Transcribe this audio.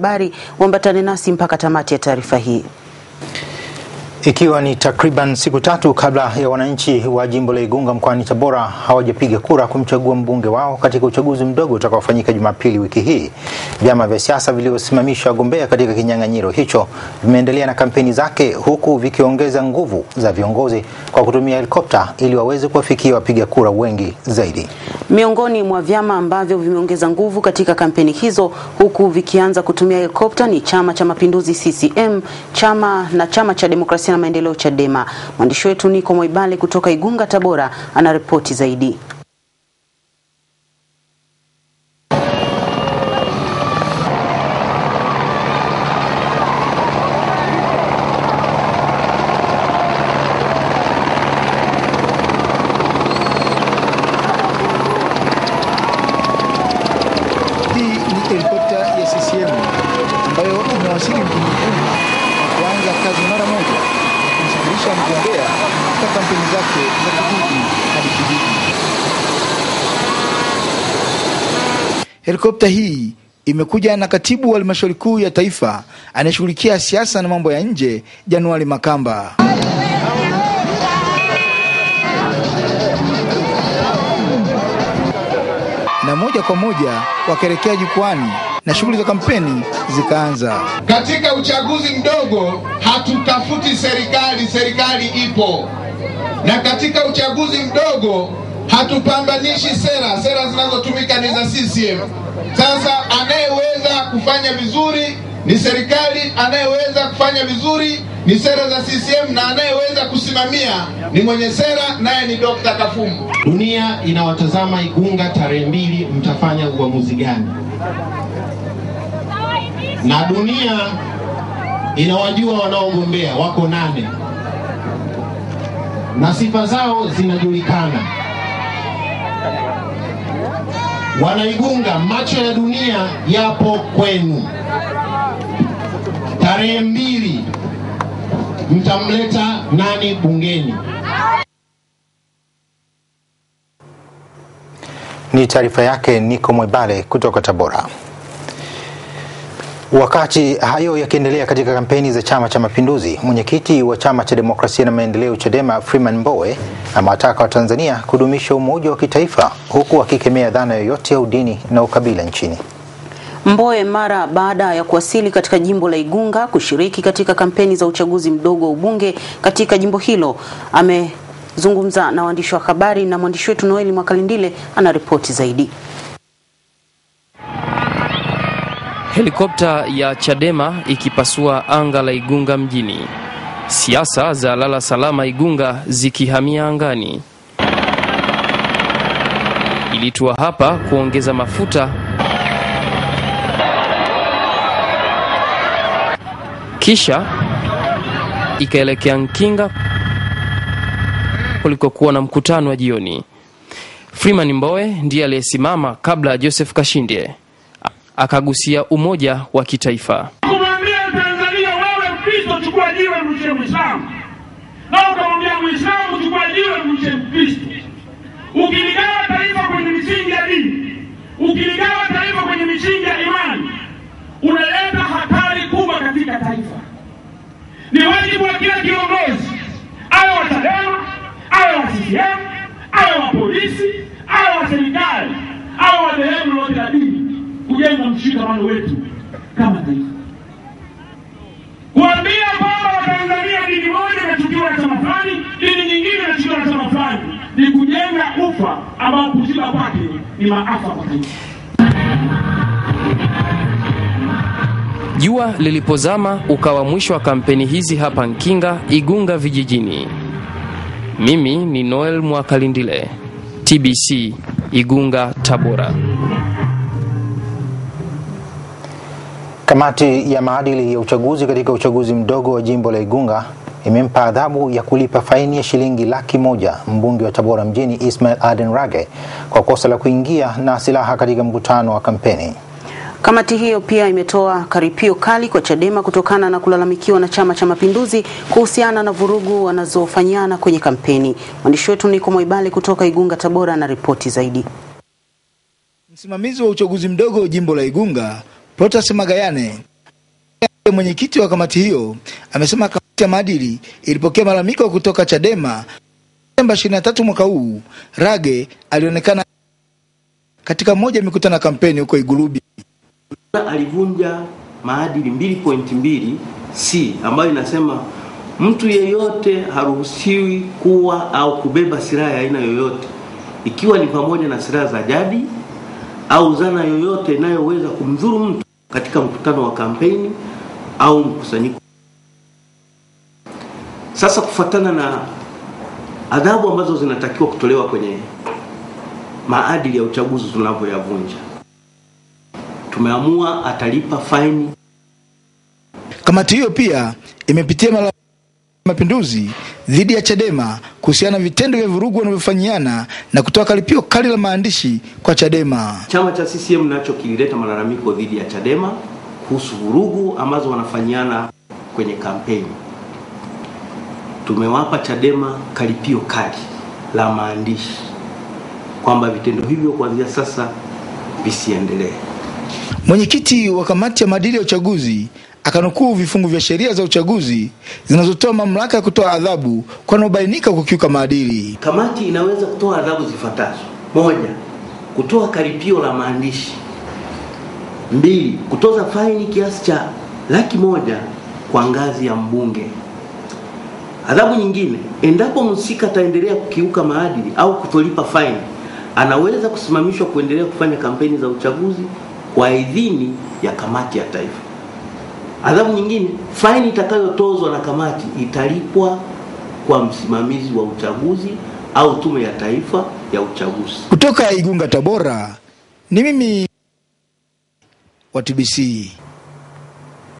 Habari, uambatane nasi mpaka tamati ya taarifa hii. Ikiwa ni takriban siku tatu kabla ya wananchi wa jimbo la Igunga mkoani Tabora hawajapiga kura kumchagua mbunge wao katika uchaguzi mdogo utakaofanyika Jumapili wiki hii, vyama vya siasa vilivyosimamisha wagombea katika kinyang'anyiro hicho vimeendelea na kampeni zake huku vikiongeza nguvu za viongozi kwa kutumia helikopta ili waweze kuwafikia wapiga kura wengi zaidi. Miongoni mwa vyama ambavyo vimeongeza nguvu katika kampeni hizo huku vikianza kutumia helikopta ni Chama cha Mapinduzi CCM, chama na Chama cha Demokrasia na maendeleo Chadema. Mwandishi wetu Niko Mwaibale kutoka Igunga, Tabora, anaripoti zaidi. kampeni zake za kijiji hadi kijiji. Helikopta hii imekuja na katibu wa halmashauri kuu ya taifa anayeshughulikia siasa na mambo ya nje Januari Makamba. Na moja kwa moja wakaelekea jukwani na shughuli za kampeni zikaanza. Katika uchaguzi mdogo hatutafuti serikali, serikali ipo, na katika uchaguzi mdogo hatupambanishi sera, sera zinazotumika ni za CCM. Sasa anayeweza kufanya vizuri ni serikali, anayeweza kufanya vizuri ni sera za CCM na anayeweza kusimamia ni mwenye sera, naye ni Dr. kafumu Dunia inawatazama Igunga, tarehe mbili, mtafanya uamuzi gani? na dunia inawajua wanaogombea wako nane na sifa zao zinajulikana. Wanaigunga, macho ya dunia yapo kwenu. Tarehe mbili mtamleta nani bungeni? Ni taarifa yake Niko Mwebale kutoka Tabora. Wakati hayo yakiendelea katika kampeni za Chama cha Mapinduzi, mwenyekiti wa Chama cha Demokrasia na Maendeleo CHADEMA Freeman Mbowe amewataka Watanzania kudumisha umoja wa kitaifa huku akikemea dhana yoyote ya udini na ukabila nchini. Mbowe mara baada ya kuwasili katika jimbo la Igunga kushiriki katika kampeni za uchaguzi mdogo wa ubunge katika jimbo hilo amezungumza na waandishi wa habari, na mwandishi wetu Noeli Mwakalindile ana ripoti zaidi. Helikopta ya Chadema ikipasua anga la Igunga mjini. Siasa za lala salama Igunga zikihamia angani. Ilitua hapa kuongeza mafuta. Kisha ikaelekea Nkinga kulikokuwa na mkutano wa jioni. Freeman Mbowe ndiye aliyesimama kabla ya Joseph Kashindie akagusia umoja wa kitaifa kumwambia Tanzania, wewe Mkristo chukua jiwe mche Mwislamu, na ukamwambia Mwislamu chukua jiwe mche Mkristo. Ukiligawa taifa kwenye misingi ya dini, ukiligawa taifa kwenye misingi ya imani, unaleta hatari kubwa katika taifa. Ni wajibu wa kila kiongozi, awe wa Chadema, awe wa CCM, awe wa polisi, awe wa serikali, awe wa dhehebu lolote la dini kujenga mshikamano wetu kama taifa, kuambia kwamba Watanzania dini moja inachukiwa na chama fulani, dini nyingine inachukiwa na chama fulani, ni kujenga ufa ambao kuziba kwake ni maafa kwa taifa. Jua lilipozama ukawa mwisho wa kampeni hizi hapa Nkinga, Igunga vijijini. Mimi ni Noel Mwakalindile, TBC, Igunga, Tabora. Kamati ya maadili ya uchaguzi katika uchaguzi mdogo wa jimbo la Igunga imempa adhabu ya kulipa faini ya shilingi laki moja mbunge wa Tabora mjini Ismail Aden Rage kwa kosa la kuingia na silaha katika mkutano wa kampeni. Kamati hiyo pia imetoa karipio kali kwa Chadema kutokana na kulalamikiwa na Chama cha Mapinduzi kuhusiana na vurugu wanazofanyana kwenye kampeni. Mwandishi wetu Niko Mwaibale kutoka Igunga, Tabora, na ripoti zaidi. Msimamizi wa uchaguzi mdogo wa jimbo la Igunga Protas Magayane, mwenyekiti wa kamati hiyo, amesema kamati ya maadili ilipokea malalamiko kutoka Chadema Desemba 23 mwaka huu. Rage alionekana katika moja ya mikutano ya kampeni huko Igurubi, alivunja maadili 2.2 c ambayo inasema mtu yeyote haruhusiwi kuwa au kubeba silaha ya aina yoyote ikiwa ni pamoja na silaha za jadi au zana yoyote inayoweza kumdhuru mtu katika mkutano wa kampeni au mkusanyiko. Sasa kufuatana na adhabu ambazo zinatakiwa kutolewa kwenye maadili ya uchaguzi tunavyoyavunja, tumeamua atalipa faini. Kamati hiyo pia imepitia mara mapinduzi dhidi ya Chadema kuhusiana na vitendo vya vurugu wanavyofanyiana na kutoa kalipio kali la maandishi kwa Chadema. Chama cha CCM nacho kilileta malalamiko dhidi ya Chadema kuhusu vurugu ambazo wanafanyiana kwenye kampeni. Tumewapa Chadema kalipio kali la maandishi kwamba vitendo hivyo kuanzia sasa visiendelee. Mwenyekiti wa kamati ya maadili ya uchaguzi akanukuu vifungu vya sheria za uchaguzi zinazotoa mamlaka ya kutoa adhabu kwa kukiuka maadili. Kamati inaweza kutoa adhabu zifuatazo: moja, kutoa karipio la maandishi; mbili, kutoza faini kiasi cha laki moja kwa ngazi ya mbunge. Adhabu nyingine, endapo mhusika ataendelea kukiuka maadili au kutolipa faini, anaweza kusimamishwa kuendelea kufanya kampeni za uchaguzi kwa idhini ya kamati ya taifa. Adhabu nyingine, faini itakayotozwa na kamati italipwa kwa msimamizi wa uchaguzi au tume ya taifa ya uchaguzi. Kutoka Igunga, Tabora, ni mimi wa TBC.